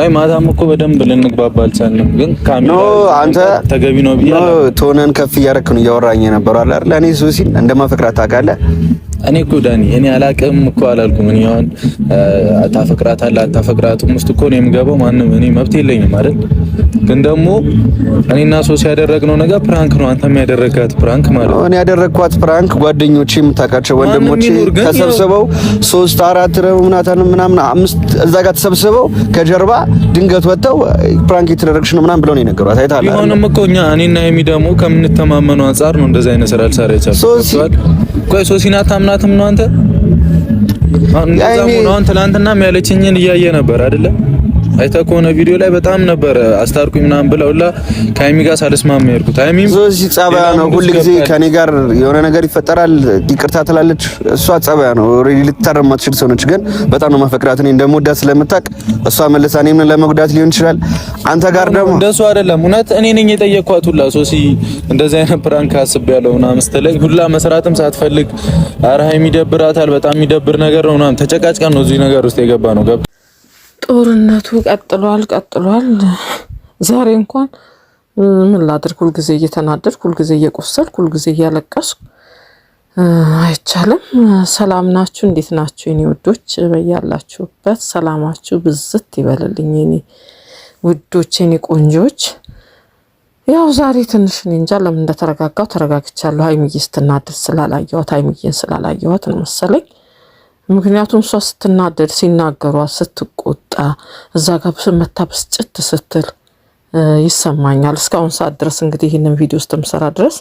አይ ማታም እኮ በደንብ ልንግባባ አልቻልንም፣ ግን ካሜራ አንተ ተገቢ ነው ብዬ ቶነን ከፍ እያደረክ ነው እያወራኝ የነበረው አለ አይደል? እኔ ሱሲን እንደማፈቅራት ታውቃለህ። እኔ እኮ ዳኒ እኔ አላቅም እኮ አላልኩም። እኔ አሁን ታፈቅራታለህ አታፈቅራትም ውስጥ እኮ ነው የምገባው። ማንም እኔ መብት የለኝም አይደል ግን ደግሞ እኔና ሶሲ ያደረግነው ነገር ፕራንክ ነው። አንተም ያደረጋት ፕራንክ ማለት ነው። እኔ ያደረግኳት ፕራንክ ጓደኞቼ፣ የምታውቃቸው ወንድሞቼ ተሰብስበው ሶስት አራት ነው ምናምን አምስት እዛ ጋር ተሰብስበው ከጀርባ ድንገት ወጥተው ፕራንክ የተደረግሽ ነው ምናምን ብለው ነው የነገሯት። አይተሃል። ቢሆንም እኮ እኛ እኔና የሚ ደግሞ ከምንተማመነው አንጻር ነው እንደዛ አይነት ስራ ልሰራ ይቻላል። ቆይ ሶሲና ታምናትም ነው አንተ። አሁን ትናንትናም ያለችኝን እያየ ነበር አይደለም አይተህ ከሆነ ቪዲዮ ላይ በጣም ነበር አስታርቁኝ ምናምን ብለውላ ከሀይሚ ጋር ሳልስማማ የሄድኩት። ሀይሚ እዚህ ጸባያ ነው፣ ሁል ጊዜ ከኔ ጋር የሆነ ነገር ይፈጠራል ይቅርታ ትላለች። እሷ ጸባያ ነው። ኦልሬዲ ልትታረም ማትችል ሰው ነች፣ ግን በጣም ነው ማፈቅራት። እኔ እንደምወዳት ስለምታውቅ እሷ መልሳ ምን ለመጉዳት ሊሆን ይችላል። አንተ ጋር ደግሞ እንደሱ አይደለም። እውነት እኔ ነኝ የጠየኳት ሁላ ሶሲ እንደዚህ አይነት ፕራንክ አስቤያለሁ ምናምን ስትለኝ ሁላ መስራትም ሳትፈልግ ኧረ ሀይሚ ይደብራታል፣ በጣም የሚደብር ነገር ነው ምናምን ተጨቃጭቀን ነው እዚህ ነገር ውስጥ የገባ ነው ገብ ጦርነቱ ቀጥሏል ቀጥሏል። ዛሬ እንኳን ምን ላድርግ፣ ሁልጊዜ እየተናደድኩ፣ ሁልጊዜ እየቆሰልኩ፣ ሁልጊዜ እያለቀስኩ አይቻልም። ሰላም ናችሁ? እንዴት ናችሁ የኔ ውዶች? በያላችሁበት ሰላማችሁ ብዝት ይበልልኝ የኔ ውዶች፣ የኔ ቆንጆች። ያው ዛሬ ትንሽ እኔ እንጃ ለምን እንደተረጋጋው ተረጋግቻለሁ። ሀይሚዬ ስትናደድ ስላላየኋት፣ ሀይሚዬን ስላላየኋት ነው መሰለኝ ምክንያቱም እሷ ስትናደድ ሲናገሯ ስትቆጣ እዛ ጋር መታ ብስጭት ስትል ይሰማኛል። እስካሁን ሰዓት ድረስ እንግዲህ ይህንን ቪዲዮ እስከምሰራ ድረስ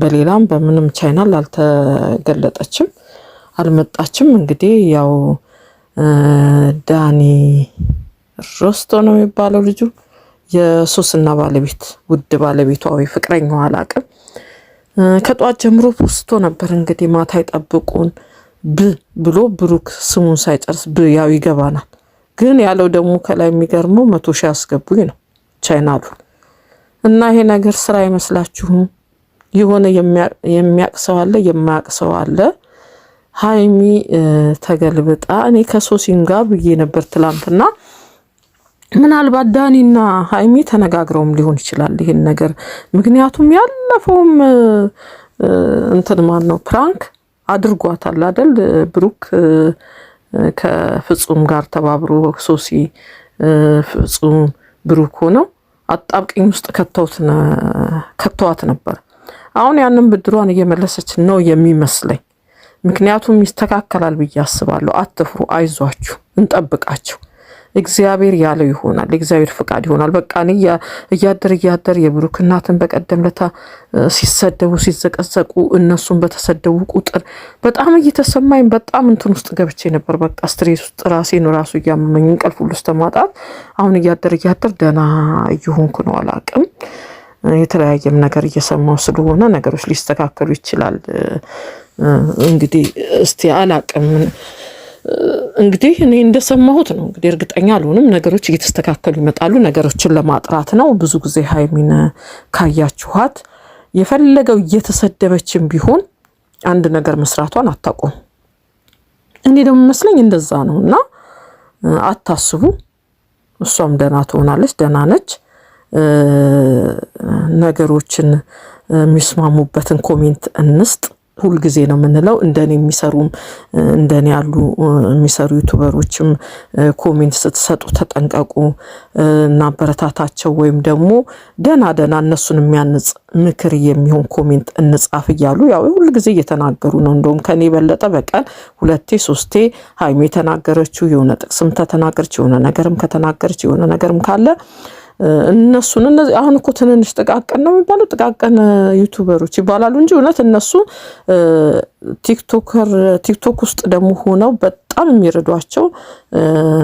በሌላም በምንም ቻይናል አልተገለጠችም አልመጣችም። እንግዲህ ያው ዳኒ ሮስቶ ነው የሚባለው ልጁ የሶስና ባለቤት ውድ ባለቤቷ ወይ ፍቅረኛዋ አላቅም ከጧት ጀምሮ ፖስቶ ነበር እንግዲህ ማታ ይጠብቁን ብ ብሎ ብሩክ ስሙን ሳይጨርስ ብ ያው ይገባናል። ግን ያለው ደግሞ ከላይ የሚገርመው መቶ ሺህ አስገቡኝ ነው ቻይናሉ እና ይሄ ነገር ስራ አይመስላችሁም? የሆነ የሚያቅ ሰው አለ፣ የማያቅ ሰው አለ። ሀይሚ ተገልብጣ እኔ ከሶሲም ጋር ብዬ ነበር ትላንትና። ምናልባት ዳኒና ሀይሚ ተነጋግረውም ሊሆን ይችላል ይሄን ነገር ምክንያቱም ያለፈውም እንትን ማን ነው ፕራንክ አድርጓታል አይደል? ብሩክ ከፍጹም ጋር ተባብሮ ሶሲ፣ ፍጹም ብሩክ ሆነው አጣብቂኝ ውስጥ ከተዋት ነበር። አሁን ያንን ብድሯን እየመለሰች ነው የሚመስለኝ። ምክንያቱም ይስተካከላል ብዬ አስባለሁ። አትፍሩ፣ አይዟችሁ፣ እንጠብቃችሁ። እግዚአብሔር ያለው ይሆናል። እግዚአብሔር ፍቃድ ይሆናል። በቃ እኔ እያደር እያደር የብሩክ እናትን በቀደም ለታ ሲሰደቡ ሲዘቀዘቁ እነሱን በተሰደቡ ቁጥር በጣም እየተሰማኝ በጣም እንትን ውስጥ ገብቼ ነበር። በቃ ስትሬስ ውስጥ ራሴን ራሱ እያመመኝ እንቅልፍ ሁሉ ውስጥ ስተማጣት አሁን እያደር እያደር ደህና እየሆንኩ ነው። አላቅም የተለያየም ነገር እየሰማው ስለሆነ ነገሮች ሊስተካከሉ ይችላል። እንግዲህ እስቲ አላቅም እንግዲህ እኔ እንደሰማሁት ነው። እንግዲህ እርግጠኛ አልሆንም። ነገሮች እየተስተካከሉ ይመጣሉ። ነገሮችን ለማጥራት ነው። ብዙ ጊዜ ሀይሚን ካያችኋት የፈለገው እየተሰደበችን ቢሆን አንድ ነገር መስራቷን አታቆም። እኔ ደግሞ ይመስለኝ እንደዛ ነው እና አታስቡ። እሷም ደህና ትሆናለች፣ ደህና ነች። ነገሮችን የሚስማሙበትን ኮሜንት እንስጥ። ሁልጊዜ ነው የምንለው። እንደኔ የሚሰሩም እንደኔ ያሉ የሚሰሩ ዩቱበሮችም ኮሜንት ስትሰጡ ተጠንቀቁ፣ እናበረታታቸው ወይም ደግሞ ደና ደና እነሱን የሚያንጽ ምክር የሚሆን ኮሜንት እንጻፍ እያሉ ያው ሁልጊዜ እየተናገሩ ነው። እንደውም ከኔ የበለጠ በቀን ሁለቴ ሶስቴ ሀይሚ የተናገረችው የሆነ ጥቅስም ከተናገረች የሆነ ነገርም ከተናገረች የሆነ ነገርም ካለ እነሱን እነዚህ አሁን እኮ ትንንሽ ጥቃቅን ነው የሚባሉ ጥቃቅን ዩቱበሮች ይባላሉ እንጂ እውነት እነሱ ቲክቶከር ቲክቶክ ውስጥ ደግሞ ሆነው በጣም የሚረዷቸው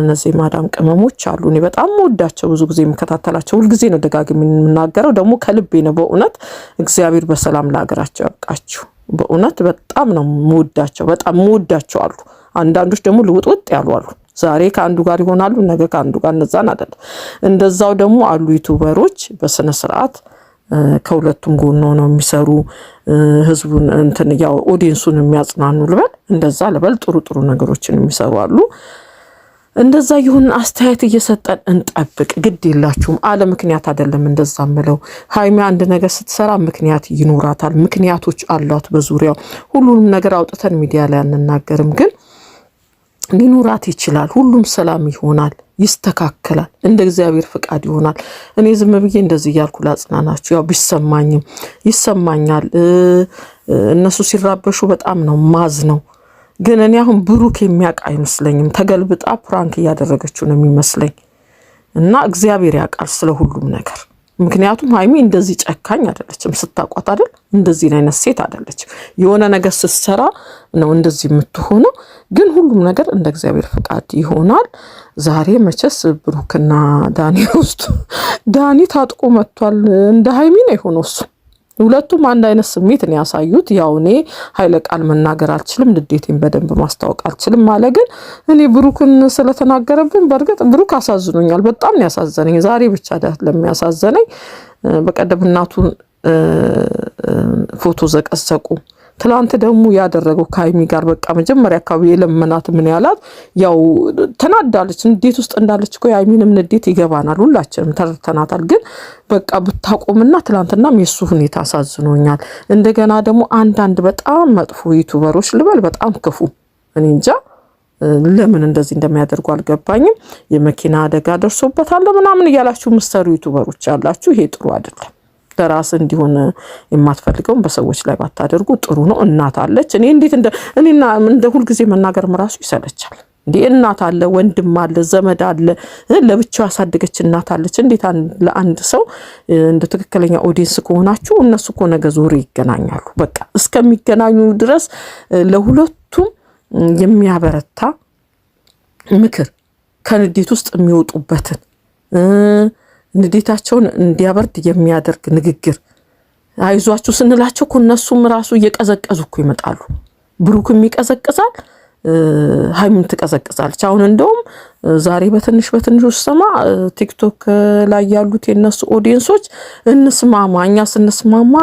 እነዚህ ማዳም ቅመሞች አሉ። እኔ በጣም ወዳቸው ብዙ ጊዜ የሚከታተላቸው ሁልጊዜ ነው ደጋግሜ የምናገረው ደግሞ ከልቤ ነው። በእውነት እግዚአብሔር በሰላም ለሀገራቸው ያብቃችሁ። በእውነት በጣም ነው የምወዳቸው፣ በጣም የምወዳቸው አሉ። አንዳንዶች ደግሞ ልውጥውጥ ያሉ አሉ። ዛሬ ከአንዱ ጋር ይሆናሉ፣ ነገ ከአንዱ ጋር እነዛን አይደል። እንደዛው ደግሞ አሉ ዩቱበሮች በስነ ስርዓት ከሁለቱም ጎን ሆነው የሚሰሩ ህዝቡን እንትን ያው ኦዲየንሱን የሚያጽናኑ ልበል፣ እንደዛ ልበል፣ ጥሩ ጥሩ ነገሮችን የሚሰሩ አሉ። እንደዛ ይሁን አስተያየት እየሰጠን እንጠብቅ። ግድ የላችሁም፣ አለ ምክንያት አይደለም። እንደዛ ምለው ሀይሚ አንድ ነገር ስትሰራ ምክንያት ይኖራታል፣ ምክንያቶች አሏት በዙሪያው። ሁሉንም ነገር አውጥተን ሚዲያ ላይ አንናገርም ግን ሊኖራት ይችላል። ሁሉም ሰላም ይሆናል፣ ይስተካከላል፣ እንደ እግዚአብሔር ፍቃድ ይሆናል። እኔ ዝም ብዬ እንደዚህ እያልኩ ላጽናናችሁ፣ ያው ቢሰማኝም ይሰማኛል። እነሱ ሲራበሹ በጣም ነው ማዝ ነው ግን እኔ አሁን ብሩክ የሚያውቅ አይመስለኝም። ተገልብጣ ፕራንክ እያደረገችው ነው የሚመስለኝ እና እግዚአብሔር ያውቃል ስለ ሁሉም ነገር ምክንያቱም ሀይሚ እንደዚህ ጨካኝ አይደለችም። ስታቋት አይደል እንደዚህ አይነት ሴት አይደለችም። የሆነ ነገር ስትሰራ ነው እንደዚህ የምትሆነው። ግን ሁሉም ነገር እንደ እግዚአብሔር ፍቃድ ይሆናል። ዛሬ መቼስ ብሩክና ዳኒ ውስጥ ዳኒ ታጥቆ መጥቷል። እንደ ሀይሚ ነው የሆነው እሱ ሁለቱም አንድ አይነት ስሜት ነው ያሳዩት። ያው እኔ ኃይለ ቃል መናገር አልችልም፣ ንዴቴን በደንብ ማስታወቅ አልችልም አለ። ግን እኔ ብሩክን ስለተናገረብን በእርግጥ ብሩክ አሳዝኖኛል። በጣም ነው ያሳዘነኝ። ዛሬ ብቻ ለሚያሳዘነኝ በቀደም እናቱን ፎቶ ዘቀዘቁ። ትላንት ደግሞ ያደረገው ከሀይሚ ጋር በቃ መጀመሪያ አካባቢ የለመናት ምን ያላት ያው ተናዳለች። ንዴት ውስጥ እንዳለች እኮ የሀይሚንም ንዴት ይገባናል፣ ሁላችንም ተረድተናታል። ግን በቃ ብታቆምና ትላንትናም የእሱ ሁኔታ አሳዝኖኛል። እንደገና ደግሞ አንዳንድ በጣም መጥፎ ዩቱበሮች ልበል በጣም ክፉ እኔ እንጃ ለምን እንደዚህ እንደሚያደርጉ አልገባኝም። የመኪና አደጋ ደርሶበታል ምናምን እያላችሁ ምሰሩ ዩቱበሮች አላችሁ። ይሄ ጥሩ አይደለም። ለራስ እንዲሆን የማትፈልገውን በሰዎች ላይ ባታደርጉ ጥሩ ነው። እናት አለች። እኔ እንዴት እንደ እኔና እንደ ሁልጊዜ መናገርም ራሱ ይሰለቻል። እንዴ እናት አለ፣ ወንድም አለ፣ ዘመድ አለ፣ ለብቻው ያሳደገች እናት አለች። እንዴት ለአንድ ሰው እንደ ትክክለኛ ኦዲየንስ ከሆናችሁ እነሱ እኮ ነገ ዞሮ ይገናኛሉ። በቃ እስከሚገናኙ ድረስ ለሁለቱም የሚያበረታ ምክር ከንዴት ውስጥ የሚወጡበትን ንዴታቸውን እንዲያበርድ የሚያደርግ ንግግር አይዟችሁ ስንላቸው እኮ እነሱም ራሱ እየቀዘቀዙ እኮ ይመጣሉ። ብሩክም ይቀዘቅዛል፣ ሀይሚም ትቀዘቅዛለች። አሁን እንደውም ዛሬ በትንሽ በትንሹ ስሰማ ቲክቶክ ላይ ያሉት የእነሱ ኦዲየንሶች እንስማማ፣ እኛ ስንስማማ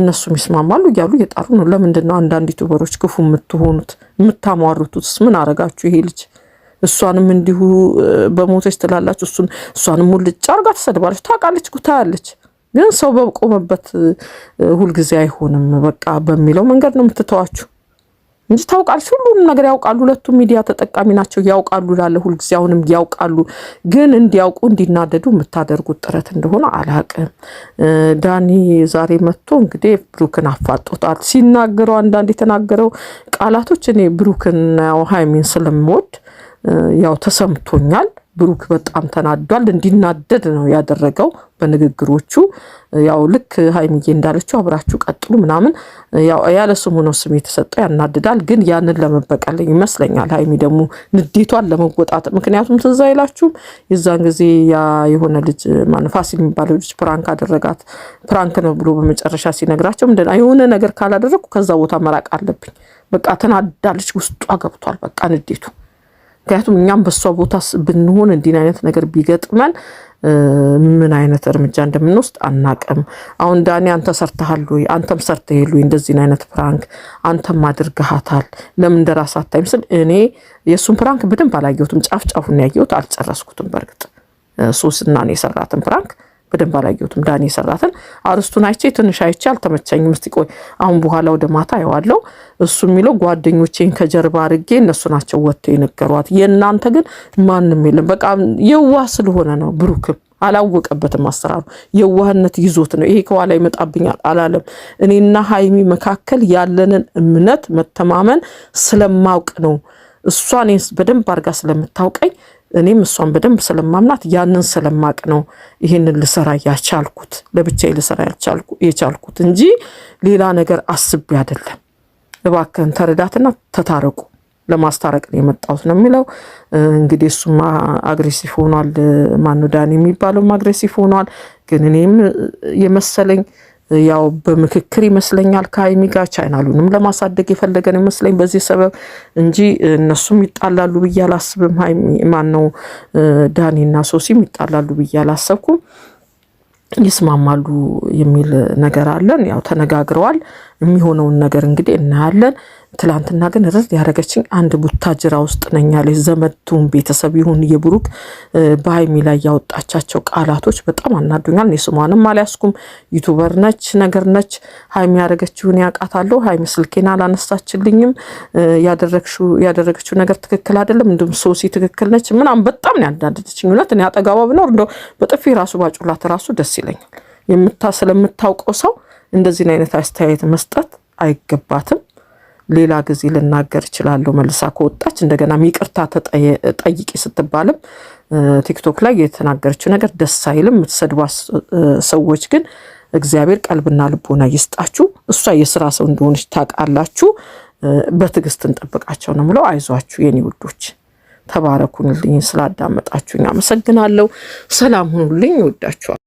እነሱም ይስማማሉ እያሉ እየጣሩ ነው። ለምንድን ነው አንዳንድ ዩቱበሮች ክፉ የምትሆኑት የምታሟርቱትስ? ምን አረጋችሁ? ይሄ ልጅ እሷንም እንዲሁ በሞተች ትላላችሁ፣ እሱን እሷንም ሙልጭ አርጋ ትሰድባለች። ታውቃለች፣ ታያለች። ግን ሰው በቆመበት ሁልጊዜ አይሆንም በቃ በሚለው መንገድ ነው የምትተዋችሁ እንጂ ታውቃለች። ሁሉንም ነገር ያውቃሉ። ሁለቱም ሚዲያ ተጠቃሚ ናቸው፣ ያውቃሉ ላለ ሁልጊዜ አሁንም ያውቃሉ። ግን እንዲያውቁ እንዲናደዱ የምታደርጉት ጥረት እንደሆነ አላቅም። ዳኒ ዛሬ መጥቶ እንግዲህ ብሩክን አፋጦታል። ሲናገረው አንዳንድ የተናገረው ቃላቶች እኔ ያው ሀይሚን ስለምወድ ያው ተሰምቶኛል። ብሩክ በጣም ተናዷል። እንዲናደድ ነው ያደረገው በንግግሮቹ። ያው ልክ ሀይሚዬ እንዳለችው አብራችሁ ቀጥሉ ምናምን ያለ ስሙ ነው ስም የተሰጠው። ያናድዳል፣ ግን ያንን ለመበቀል ይመስለኛል። ሀይሚ ደግሞ ንዴቷን ለመወጣት ምክንያቱም ትዝ አይላችሁም የዛን ጊዜ ያ የሆነ ልጅ ማነው ፋሲል የሚባለው ልጅ ፕራንክ አደረጋት። ፕራንክ ነው ብሎ በመጨረሻ ሲነግራቸው ምንድን የሆነ ነገር ካላደረግኩ ከዛ ቦታ መራቅ አለብኝ በቃ ተናዳለች። ውስጧ ገብቷል በቃ ንዴቱ ምክንያቱም እኛም በእሷ ቦታ ብንሆን እንዲህን አይነት ነገር ቢገጥመን ምን አይነት እርምጃ እንደምንወስድ አናቅም። አሁን ዳኒ አንተ ሰርተሃል ወይ? አንተም ሰርተሃል ወይ? እንደዚህን አይነት ፕራንክ አንተም አድርገሃታል፣ ለምን እንደራስ አታይም ስል እኔ የእሱን ፕራንክ በደንብ አላየሁትም፣ ጫፍ ጫፉን ያየሁት አልጨረስኩትም። በእርግጥ ሶስና ነው የሰራትን ፕራንክ በደንብ አላየሁትም። ዳኒ የሰራትን አርስቱን አይቼ ትንሽ አይቼ አልተመቸኝም። እስቲ ቆይ አሁን በኋላ ወደ ማታ አየዋለሁ። እሱ የሚለው ጓደኞቼን ከጀርባ አድርጌ እነሱ ናቸው ወጥተው የነገሯት፣ የእናንተ ግን ማንም የለም። በቃ የዋ ስለሆነ ነው ብሩክም አላወቀበትም አሰራሩ የዋህነት ይዞት ነው። ይሄ ከኋላ ይመጣብኛል አላለም። እኔና ሀይሚ መካከል ያለንን እምነት መተማመን ስለማውቅ ነው። እሷ እኔን በደንብ አድርጋ ስለምታውቀኝ እኔም እሷን በደንብ ስለማምናት ያንን ስለማቅ ነው ይህንን ልሰራ ያቻልኩት ለብቻዬ ልሰራ የቻልኩት እንጂ ሌላ ነገር አስቤ አይደለም። እባክህን ተረዳትና ተታረቁ፣ ለማስታረቅ ነው የመጣሁት ነው የሚለው። እንግዲህ እሱማ አግሬሲቭ ሆኗል። ማን የሚባለውም አግሬሲቭ ሆኗል። ግን እኔም የመሰለኝ ያው በምክክር ይመስለኛል ከሀይሚ ጋር ቻናሉንም ለማሳደግ የፈለገ ይመስለኝ በዚህ ሰበብ እንጂ እነሱም ይጣላሉ ብዬ አላስብም። ሀይሚ ዳኒ ዳኒና ሶሲም ይጣላሉ ብዬ አላሰብኩም። ይስማማሉ የሚል ነገር አለን። ያው ተነጋግረዋል። የሚሆነውን ነገር እንግዲህ እናያለን። ትላንትና ግን ርር ያደረገችኝ አንድ ቡታጅራ ውስጥ ነኝ ያለች ዘመድቱን ቤተሰብ ይሁን የብሩክ በሀይሚ ላይ ያወጣቻቸው ቃላቶች በጣም አናዱኛል። እኔ ስሟንም አልያዝኩም። ዩቱበር ነች፣ ነገር ነች። ሀይሚ ያደረገችውን ያውቃታለሁ። ሀይሚ ስልኬን አላነሳችልኝም። ያደረገችው ነገር ትክክል አይደለም፣ እንዲሁም ሶሲ ትክክል ነች ምናምን። በጣም ያናደደችኝ። እውነት እኔ አጠገቧ ብኖር እንደው በጥፊ ራሱ ባጩላት ራሱ ደስ ይለኛል። ስለምታውቀው ሰው እንደዚህን አይነት አስተያየት መስጠት አይገባትም። ሌላ ጊዜ ልናገር እችላለሁ። መልሳ ከወጣች እንደገና ይቅርታ ጠይቂ ስትባልም ቲክቶክ ላይ የተናገረችው ነገር ደስ አይልም። የምትሰድቧ ሰዎች ግን እግዚአብሔር ቀልብና ልቦና ይስጣችሁ። እሷ የስራ ሰው እንደሆነች ታውቃላችሁ። በትዕግስት እንጠብቃቸው ነው ምለው። አይዟችሁ የኔ ውዶች፣ ተባረኩንልኝ። ስላዳመጣችሁኝ አመሰግናለሁ። ሰላም ሁኑልኝ። ይወዳችኋል።